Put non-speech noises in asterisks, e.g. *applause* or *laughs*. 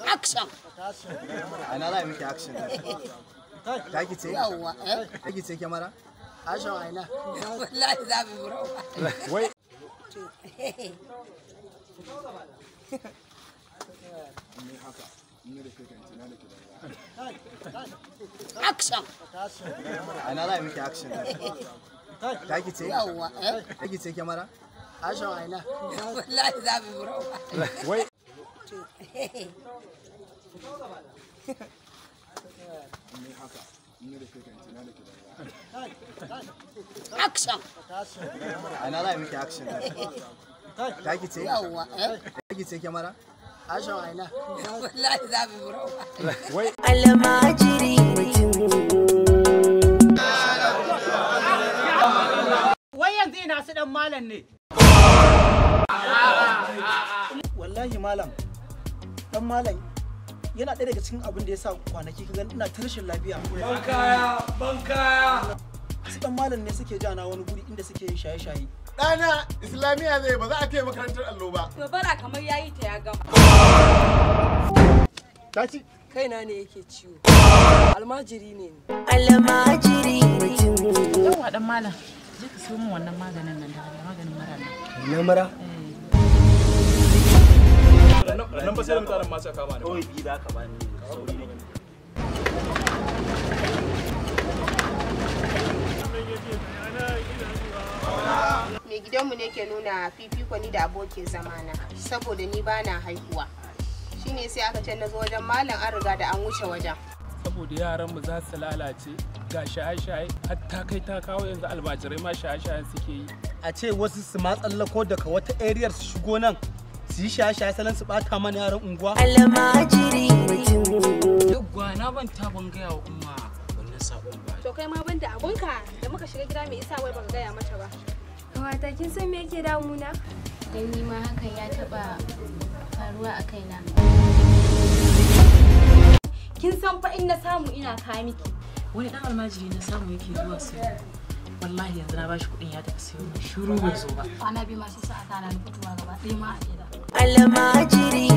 اكشن انا لا ميك اكشن تاكي تسيك يوا إيه؟ تاكي تسيك يا اشو عينا والله اذا بمرو وي *laughs* action ana ce eh? ce kyamara Hashin aina. Wallahi za mu bura. Wai. Almajiri Wai yanzu ina su dan malam ne. Wallahi malam. Dan malam yana ɗaya daga cikin abin da ya sa kwanaki ka ina ta rashin lafiya. Bankaya, bankaya. Su dan malam ne suke jana wani guri inda suke yin shaye-shaye. dana islamiya zai ba za a kai makarantar allo ba to bara kamar yayi ta ya gama tashi na ne yake ciwo almajiri ne almajiri ne yawa dan malam je ka sayo min wannan maganin nan da maganin mara na mara eh. nan ba sai da mutanen masu kama ne oi bi da ka bani sauri ne gidanmu ne ke nuna fifiko ni da abokin zamana saboda ni ba na haihuwa Shi ne sai aka ce na zo wajen malam an riga da an wuce wajen saboda yaran mu za su lalace ga shaye-shaye hatta kai ta kawo yanzu albajirai ma shaye shaye suke yi a ce wasu su ma tsallako daga wata area su shigo nan su yi shaye-shaye salon su bata mana yaran unguwa almajiri duk na ban ta ban gaya wa umma wannan sabon ba to kai ma ban da abunka da muka shiga gida mai isa wai ban gaya mata ba mata kin san me yake damuna dan ni ma hakan ya taba faruwa a kaina kin san fa na samu ina ka miki wani dan almajiri na samu yake zuwa su wallahi yanzu na bashi kuɗin ya tafi sayo shiru bai zo ba kwana biyu masu sa'a tana fitowa gaba ɗaya ma a gida almajiri